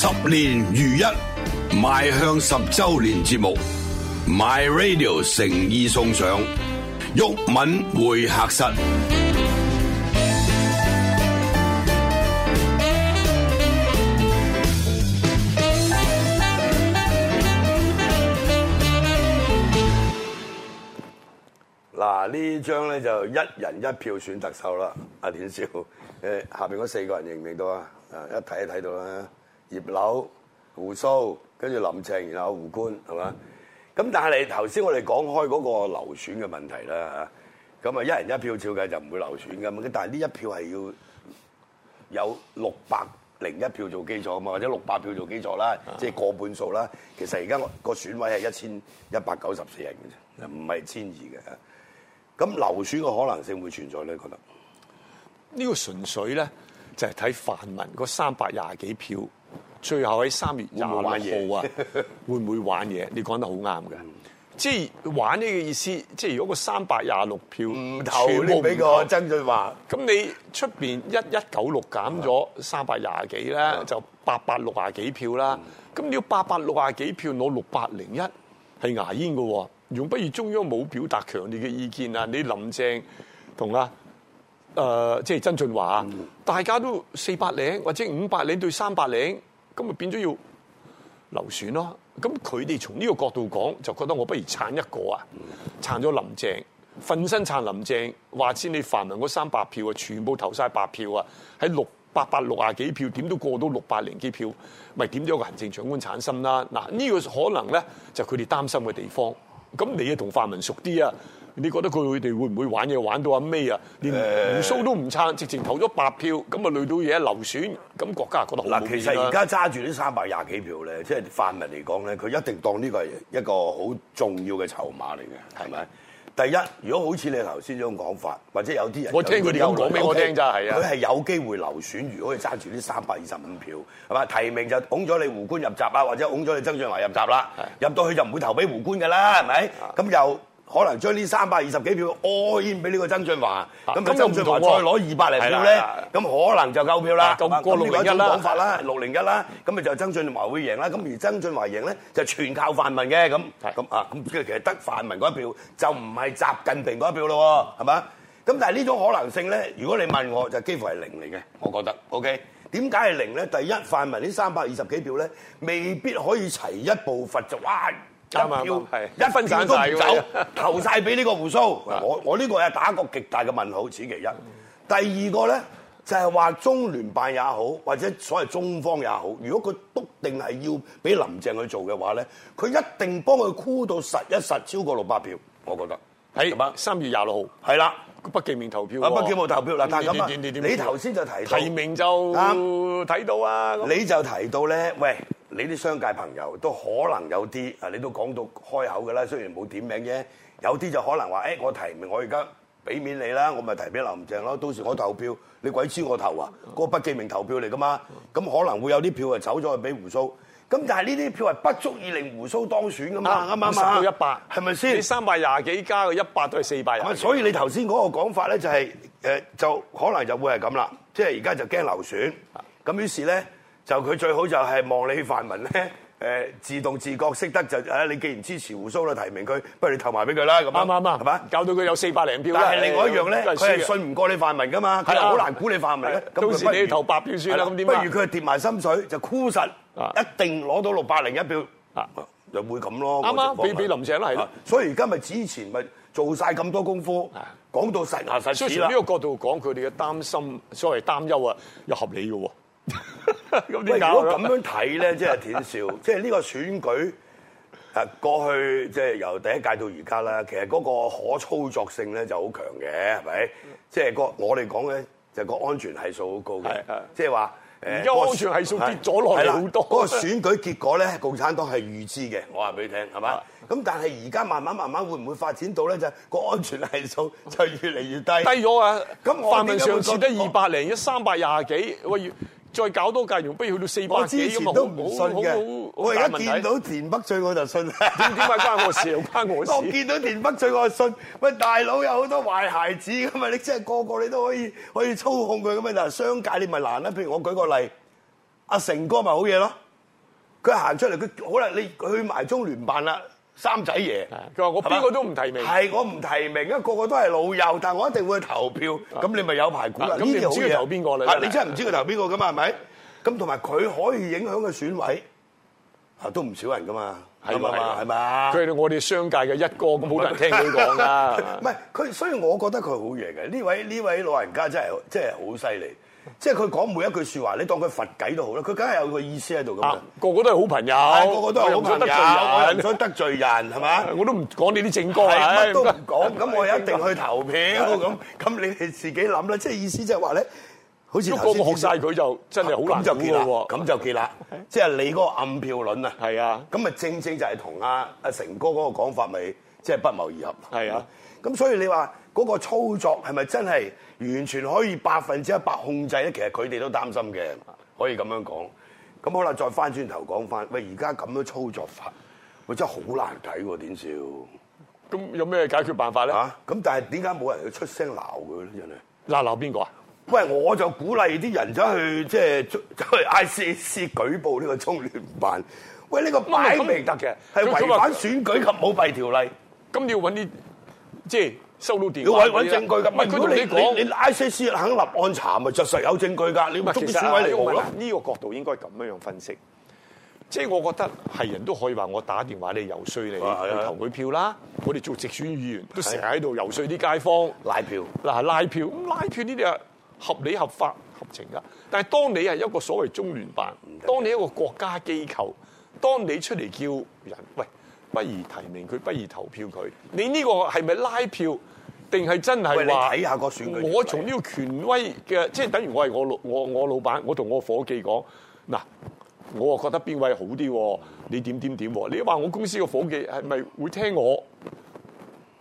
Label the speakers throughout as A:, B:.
A: 十年如一，邁向十周年節目，My Radio 誠意送上毓民會客室。嗱，呢張咧就一人一票選特首啦，阿田少，誒，下邊嗰四個人認唔認到啊？啊，一睇就睇到啦。葉柳、胡蘇，跟住林鄭，然後胡官，係嘛？咁、嗯、但係頭先我哋講開嗰個流選嘅問題啦嚇，咁啊一人一票照計就唔會流選噶嘛。但係呢一票係要有六百零一票做基礎啊嘛，或者六百票做基礎啦，即係、嗯、過半數啦。其實而家個選位係一千一百九十四人嘅啫，唔係千二嘅。咁流選嘅可能性會存在咧？覺得呢個純粹咧就係睇泛
B: 民嗰三百廿幾票。最後喺三月廿六號啊，會唔會， 會，會玩嘢？你講得好啱嘅， 即係玩呢個意思。即係如果個三百廿六票投，不全部俾個曾俊華。咁你出邊一一九六減咗三百廿幾咧，的就八百六廿幾票啦。咁的你要八百六廿幾票攞六百零一係牙煙嘅，仲不如中央冇表達強烈嘅意見啊！你林鄭同啊，誒即係曾俊華啊，的大家都四百零或者五百零對三百零。咁咪變咗要流選咯？咁佢哋從呢個角度講，就覺得我不如撐一個啊！撐咗林鄭，瞓身撐林鄭，話知你泛民嗰三百票啊，全部投晒白票啊，喺六八百六廿幾票，點都過到六百零幾票，咪點咗個行政長官產生啦？嗱，呢個可能咧就係佢哋擔心嘅地方。咁你啊同泛民熟啲啊？你覺得佢佢哋會唔會玩嘢玩到阿咩
A: 啊？連鬍鬚
B: 都唔撐，直情投咗八票，咁啊累到嘢流選，咁、那個、國家覺得好嗱，其實而家
A: 揸住呢三百廿幾票咧，即係泛民嚟講咧，佢一定當呢個係一個好重要嘅籌碼嚟嘅，係咪？第一，如果好似你頭先嗰種講法，或者有啲人有我聽佢哋咁講俾我聽咋，係啊，佢係、okay, 有機會流選。如果佢揸住呢三百二十五票，係嘛？提名就擁咗你胡官入閘啊，或者擁咗你曾俊華入閘啦，入到的去就唔會投俾胡官嘅啦，係咪？咁又的。可能將呢三百二十幾票屙煙俾呢個曾俊華，咁如果曾俊華、啊、再攞二百嚟票咧，咁的可能就夠票啦，六零的一啦，六零一啦，咁咪就曾俊華會贏啦。咁而曾俊華贏咧，就全靠泛民嘅咁，咁啊，咁的其實得泛民嗰一票，就唔係習近平嗰一票咯喎，係嘛？咁但係呢種可能性咧，如果你問我，就幾乎係零嚟嘅。我覺得，OK。點解係零咧？第一，泛民呢三百二十幾票咧，未必可以齊一步伐就哇。要一分錢都唔走， 投晒俾呢個鬍鬚，我我呢個係打個極大嘅問號，此其一。第二個咧就係話中聯辦也好，或者所謂中方也好，如果佢篤定係要俾林鄭去做嘅話咧，佢一定幫佢箍到實一實超過六百票。我覺得
B: 係。三月廿六號係啦，
A: 不記名投票。不記名投票啦，但係咁啊，你頭先就提到，提名就睇到啊。你就提到咧，喂。你啲商界朋友都可能有啲啊，你都講到開口㗎啦，雖然冇點名啫。有啲就可能話，誒，我提名，我而家俾面你啦，我咪提俾林鄭咯。到時我投票，你鬼知我投啊？嗰、嗯、個不記名投票嚟噶嘛？咁、嗯嗯、可能會有啲票係走咗去俾鬍鬚。咁但係呢啲票係不足以令鬍鬚當選噶嘛？啱啱啊？吧收到一百吧，係咪先？你三百廿幾加，個一百都係四百人。所以你頭先嗰個講法咧、就係，就係就可能就會係咁啦。即係而家就驚、係、流選。咁於是咧。就佢最好就係望你泛民咧，誒自動自覺識得就誒，你既然支持鬍鬚啦提名佢，不如你投埋俾佢啦，咁啱唔啱啊？係嘛，搞到佢有四百零票。但係另外一樣咧，佢係信唔過你泛民噶嘛，佢又好難估你泛民，到時你投八票算啦，咁點啊？不如佢跌埋心水，就箍實，一定攞到六百零一票，又會咁咯。啱啱，俾俾林鄭啦，係啦。所以而家咪之前咪做晒咁多功夫，講
B: 到實牙實齒啦。從呢個角度講，佢哋嘅擔心，所謂擔憂啊，又合理嘅喎。
A: 喂， 如果咁樣睇咧， 即係田少，即係呢個選舉，誒過去即係由第一屆到而家啦，其實嗰個可操作性咧就好強嘅，係咪？即係個我哋講咧，就個安全係數好高嘅，即係話誒，而家安全係數跌咗落好多。 嗰、那個選舉結果咧，共產黨係預知嘅，我話俾你聽，係嘛？咁 但係而家慢慢慢慢會唔會發展到咧，就是、個安全係數就越嚟越低， 低咗啊！
B: 咁，那泛民上次得二百零一、三百廿幾，喂！再搞多計，完不如去到四百幾咁啊！我之前都唔信嘅，
A: 我而家見到田北俊我就信。點點解關我事？關我事。我見到田北俊我就信，喂，大佬有好多壞孩子咁嘛！你即係個個你都可以可以操控佢咁啊？但係商界你咪難啦。譬如我舉個例，阿成哥咪好嘢咯，佢行出嚟，佢好啦，你去埋中聯辦啦。三仔爺，佢話我邊個都唔提名，係我唔提名啊！個個都係老友，但我一定會去投票。咁你咪有排估啦。咁你知佢投邊個你真係唔知佢投邊個噶嘛？係咪？咁同埋佢可以影響嘅選委啊，都唔少人噶嘛，係咪佢係嘛？佢係我哋商界嘅一哥，冇得聽佢講啦。唔係，佢所以我覺得佢好嘢嘅。呢位呢位老人家真係真係好犀利。即係佢講每一句説話，你當佢佛偈都好啦，佢梗係有個意思喺度噶嘛。個個都係好朋友，個個都係好朋友。唔想得罪人，唔想得罪人，係嘛？我都唔講你啲政綱，乜都唔講。咁我一定去投票。咁咁，你哋自己諗啦。即係意思即係話咧，好似個個學曬佢就真係好難結啦。咁就結啦。即係你嗰個暗票論啊，係啊。咁咪正正就係同阿阿成哥嗰個講法咪即係不謀而合。係啊。咁所以你話。嗰個操作係咪真係完全可以百分之一百控制咧？其實佢哋都擔心嘅，可以咁樣講。咁好啦，再翻轉頭講翻，喂，而家咁樣操作法，喂，真係好難睇喎！點笑、嗯？咁有咩解決辦法咧？嚇！咁但係點解冇人去出聲鬧佢咧？真係鬧鬧邊個啊？喂，我就鼓勵啲人走去即係去 ICAC 舉報呢個中聯辦。喂，呢、呢個擺明得嘅係違反選舉及舞弊條例。咁你要揾啲即係。收到電話啊！要揾證據噶，唔係你講你 ICC 肯立案查咪，實實有證據噶。你捉啲選委嚟咯。
B: 呢個角度應該咁樣樣分析，即係我覺得係人都可以話我打電話你游說你去投佢票啦。我哋做直選議員都成日喺度游說啲街坊拉票，嗱拉票咁拉票，呢啲啊合理合法合情噶。但係當你係一個所謂中聯辦，當你一個國家機構，當你出嚟叫人喂。不如提名佢，不如投票佢。你呢個係咪拉票，定係真係話睇下個選舉？我從呢個權威嘅，即係等於我係我老我我老闆，我同我伙計講，嗱，我啊覺得邊位好啲？你點點點？你話我公司嘅伙計係咪會聽我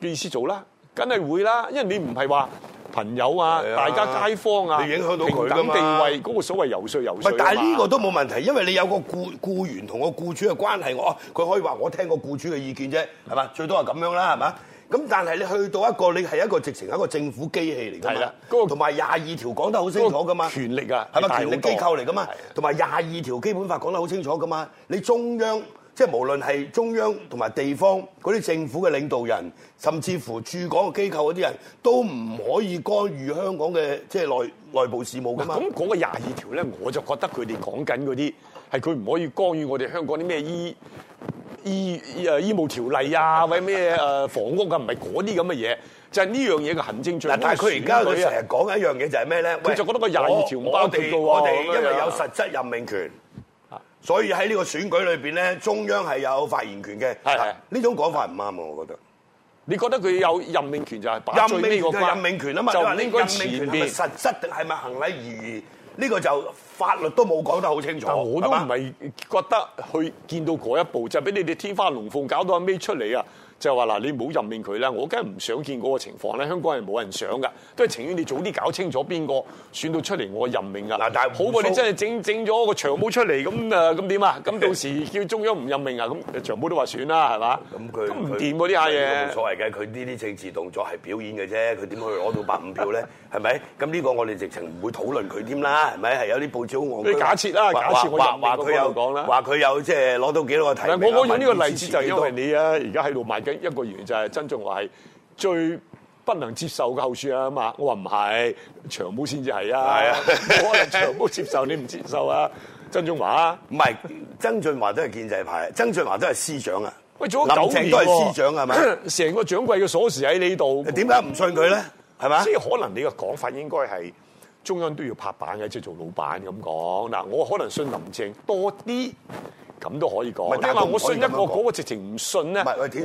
B: 嘅意思做啦？梗係會啦，因為你唔係話。朋友啊，啊大家街坊啊，你影響到佢咁定位嗰、嗰個所謂游說游説不，但係呢個
A: 都冇問題，吧因為你有個雇僱員同個僱主嘅關係，我佢可以話我聽個僱主嘅意見啫，係嘛？最多係咁樣啦，係嘛？咁但係你去到一個，你係一個直情係一個政府機器嚟㗎嘛？同埋廿二條講得好清楚㗎嘛？權力啊，係咪權力機構嚟㗎嘛？同埋廿二條基本法講得好清楚㗎嘛？你中央。即係無論係中央同埋地方嗰啲政府嘅領導人，甚至乎駐港嘅機構嗰啲人都唔可以干預香港嘅即係內,內部事務噶嘛。咁嗰個廿二條
B: 咧，我就覺得佢哋講緊嗰啲係佢唔可以干預我哋香港啲咩醫醫誒醫務條例啊，或者咩誒房屋啊，唔係嗰啲咁嘅嘢。就係呢樣嘢嘅行政長。但係佢而家佢成日
A: 講嘅一樣嘢就係咩咧？喂我就覺得個廿二條唔包佢我哋，我我因為有實質任命權。所以喺呢個選舉裏邊咧，中央係有發言權嘅。係係的，呢種講法唔啱啊。我覺得。你覺得佢有任命權就係、是、任最呢個任命權啊嘛？就唔應該前面是實質定係咪行禮而呢、呢個就法律都
B: 冇講得好清楚。我都唔係覺得去見到嗰一步，就俾、是、你哋天花龍鳳搞到阿 M 出嚟啊！就話嗱，你唔好任命佢啦，我梗係唔想見嗰個情況咧。香港係冇人想噶，都係情願你早啲搞清楚邊個選到出嚟，我任命噶。嗱，但係好過你真係整整咗個長毛出嚟，咁誒咁點啊？咁到時叫中央唔任命啊？咁長毛都話算啦，
A: 係嘛？咁佢都唔掂喎啲阿爺。冇所謂嘅，佢呢啲政治動作係表演嘅啫。佢點會攞到百五票咧？係咪？咁呢個我哋直情唔會討論佢添啦。係咪係有啲報紙好戇？啲假設啦，假設我任命到佢講啦，話佢有即係攞到幾多個提名？我用呢個例子就係因為
B: 你啊，而家喺度賣。一個原因就係曾俊華係最不能接受嘅后選
A: 啊嘛，我話唔係長毛先至係啊，冇 可能長毛接受你唔接受啊？曾俊華唔係曾俊華都係建制派，曾俊華都係司長啊。喂，做咗九年都係司長，係咪？成個掌櫃嘅鎖匙喺呢度。點解唔信佢咧？
B: 係咪？所以可能你嘅講法應該係中央都要拍板嘅，即係做老闆咁講。嗱，我可能信林鄭多啲。咁都可以講，但係，因為我信一個嗰直情唔信咧，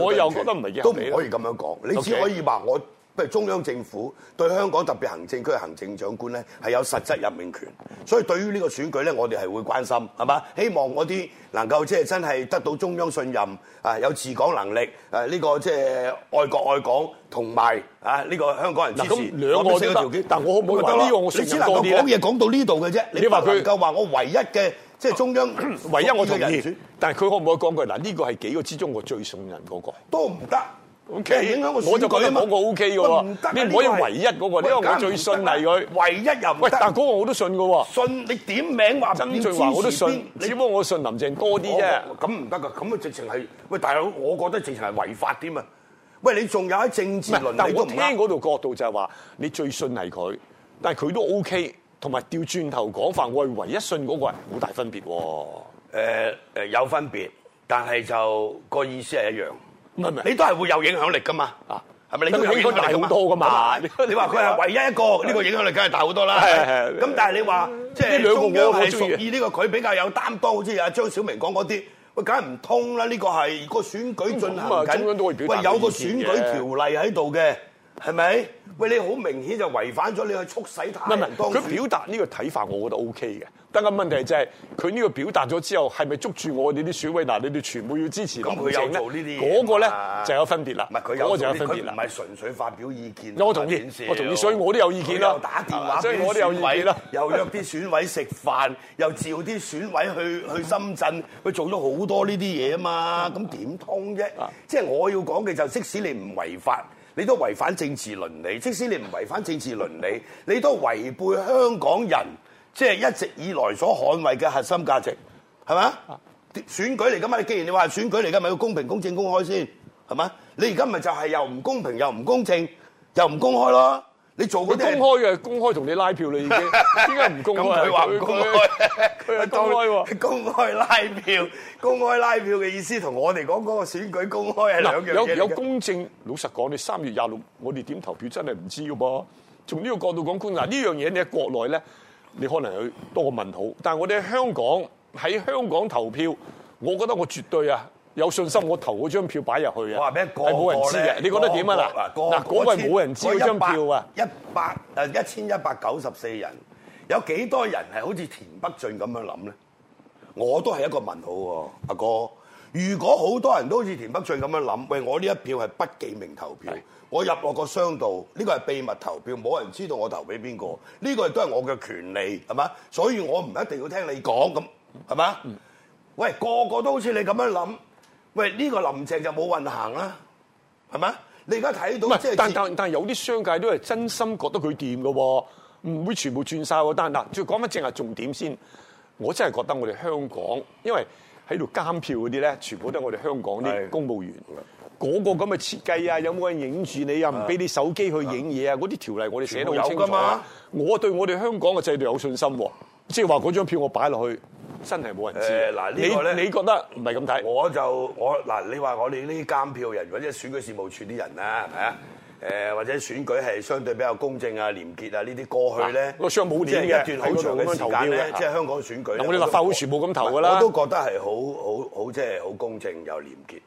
B: 我又覺得唔係都唔可以咁樣講。你只可以
A: 話我，譬如中央政府對香港特別行政區行政長官咧係有實質任命權，所以對於呢個選舉咧，我哋係會關心，係嘛？希望我啲能夠即係真係得到中央信任，啊，有治港能力，呢個即係愛國愛港，同埋啊，呢個香港人支持。兩個條件，但我可唔可以話呢個，你只能夠講嘢講到呢度嘅啫，你唔能夠話我唯一嘅。即係中央唯一我同意，但係佢可唔可以講句嗱？呢個係幾個之中我
B: 最信任嗰個，都唔得。O K，影響我，我就覺得嗰個 O K 嘅喎。你唔可以唯一嗰個，因為我最信賴佢。唯一又唔得，但係嗰個我都信嘅喎。信你點名話？曾俊華我都信，
A: 只不過我信林鄭多啲啫。咁唔得㗎，咁啊直情係喂，大佬，我覺得直情係違法添啊。喂，你仲有喺政治論我都嗰度角度就係話，
B: 你最信賴佢，但係佢都 O K。同埋掉轉頭講法我，唯一信嗰
A: 個係好大分別喎。誒有分別，但係就個意思係一樣。你都係會有影響力噶嘛？啊，係咪你影響力大好多噶嘛？你話佢係唯一一個呢個影響力，梗係大好多啦。係係。咁但係你話即係中央係屬意呢個，佢比較有擔當，好似阿張小明講嗰啲，喂，梗係唔通啦？呢個係個選舉進行緊，喂，有個選舉條例喺度嘅。係咪？喂，你好明顯就違反咗你去促使他，佢表達呢個睇法，我覺得 O K 嘅。但個問
B: 題就係佢呢個表達咗之後，係咪捉住我哋啲選委？嗱，你哋全部要支持咁佢有做呢啲，嗰個咧就有
A: 分別啦。唔係佢有，佢唔係純粹發表意見。我同意，我同意，所以我都有意見啦。又打電話畀選委啦，又約啲選委食飯，又召啲選委去去深圳，佢做咗好多呢啲嘢啊嘛。咁點通啫？即係我要講嘅就，即使你唔違法。你都違反政治倫理，即使你唔違反政治倫理，你都違背香港人即係、就是、一直以來所捍衛嘅核心價值，係咪？啊、選舉嚟㗎嘛，你既然你話係選舉嚟㗎，咪要公平、公正、公開先，係咪？你而家咪就係又唔公平、又唔公正、又唔公開咯。你做過佢公開嘅，公開同你拉票啦已經，點解唔公開？佢話 公開，佢係公開 公開拉票， 公開拉票嘅意思同我哋講嗰個選舉公開係兩樣嘢，有有公
B: 正。老實講，你三月廿六，我哋點投票真係唔知㗎噃。從呢個角度講觀察呢樣嘢，你喺國內咧，你可能去多個問號。但係我哋喺香港喺香港投票，我覺得我絕對啊。有信心，我投嗰張票
A: 擺入去啊！係冇個個人知嘅，個你覺得點啊？嗱嗱嗰位冇人知嗰張票啊！一百一千一百九十四人，有幾多人係好似田北俊咁樣諗咧？我都係一個問號喎，阿哥。如果好多人都好似田北俊咁樣諗，喂，我呢一票係不記名投票，是我入落個箱度，呢個係秘密投票，冇人知道我投俾邊個。呢個都係我嘅權利，係嘛？所以我唔一定要聽你講，咁係嘛？嗯、喂，個個都好似你咁樣諗。喂，呢個林鄭就冇運行啦，係咪？你而家睇到即係，但但但有啲商界都係真
B: 心覺得佢掂㗎喎，唔會全部轉晒。喎。但嗱，最講返正係重點先，我真係覺得我哋香港，因為喺度監票嗰啲咧，全部都係我哋香港啲公務員。嗰是的 個咁嘅設計啊，有冇人影住你啊？唔俾你手機去影嘢啊？嗰啲是的 條例我哋寫到清楚，有嘛，我對我哋香港嘅制度有信心喎，即係話嗰張票我擺
A: 落去。真係冇人知。嘅、呃。嗱，呢個呢你，你覺得唔係咁睇？我就我嗱，你話我哋呢啲監票人或者選舉事務處啲人啊，係咪啊？誒或者選舉係相對比較公正杰啊、廉潔啊呢啲過去咧，個商冇年嘅一段好長嘅時間咧，啊、即係香港選舉。我哋立法會全部咁投㗎啦。我都覺得係好好好，即係好公正又廉潔。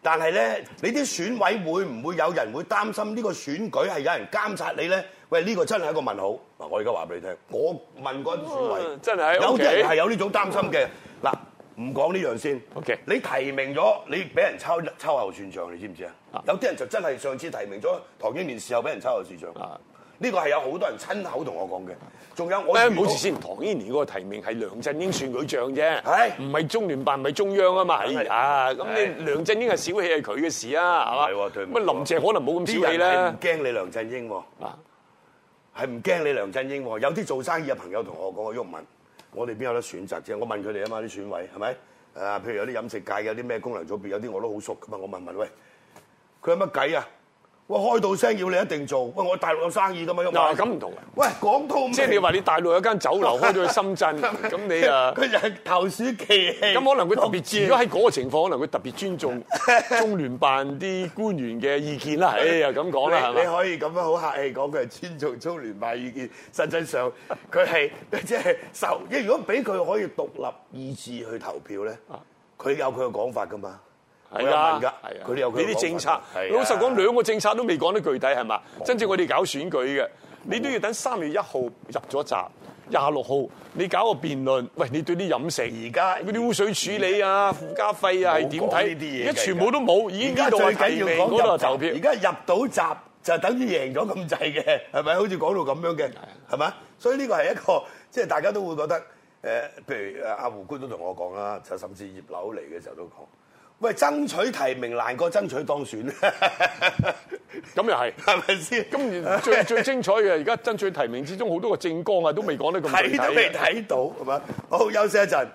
A: 但係咧，你啲選委會唔會有人會擔心呢個選舉係有人監察你咧？喂，呢、呢個真係一個問號。嗱，我而家話俾你聽，我問嗰啲選委，真係有啲人係有呢種擔心嘅。嗱，唔講呢樣先。O K，你提名咗，你俾人秋、秋後算賬，你知唔知啊？有啲人就真係上次提名咗唐英年，事後俾人秋後算賬。呢個係有好多人親口同我講嘅。仲有，我誒，好事先。唐英年嗰個提名係梁振
B: 英算佢賬啫，唔係中聯辦，唔係中央啊嘛。哎呀，咁你梁振英係小氣係佢嘅事啊，係嘛？林鄭可
A: 能冇咁小氣啦。唔驚你梁振英喎。係唔驚你梁振英？有啲做生意嘅朋友同我講，我毓民，我哋邊有得選擇啫？我問佢哋啊嘛，啲選委係咪？比譬如有啲飲食界，有啲咩功能組別，有啲我都好熟噶嘛，我問問喂，佢有乜計啊？我開到聲要你一定做，喂！我大陸有生意噶嘛，咁唔同。喂，講到，即係你話你大陸有間酒樓開咗去深圳，咁 你啊，佢就係投鼠忌器。咁可能佢特別尊，知如果喺
B: 嗰個情況，可能佢特別尊重中聯辦啲官員嘅意見啦。唉、 哎，又咁講啦，你，吧你可
A: 以咁樣好客氣講佢係尊重中聯辦意見，實際上佢係 即係受。如果俾佢可以獨立意志去投票咧，佢有佢嘅講法噶嘛？係啊，佢哋有佢啲政策。老實講，
B: 兩個政策都未講得具體，係嘛？真正我哋搞選舉嘅，你都要等三月一號入咗閘，廿六號你搞個辯論。喂，你對啲飲食，而家啲污水處理啊、附加費啊係點睇？呢啲嘢，而家全部都冇。
A: 而家最緊要講入投票。而家入到閘就等於贏咗咁滯嘅，係咪？好似講到咁樣嘅，係咪？所以呢個係一個即係大家都會覺得誒，譬如阿胡官都同我講啦，就甚至葉劉嚟嘅時候都講。喂，爭取提名難過爭取當選咁又係，係咪先？咁不 最最
B: 精彩嘅，而家爭取提名之中，好多個政綱啊，都未講得咁睇都未睇到，係嘛？好，休息一陣。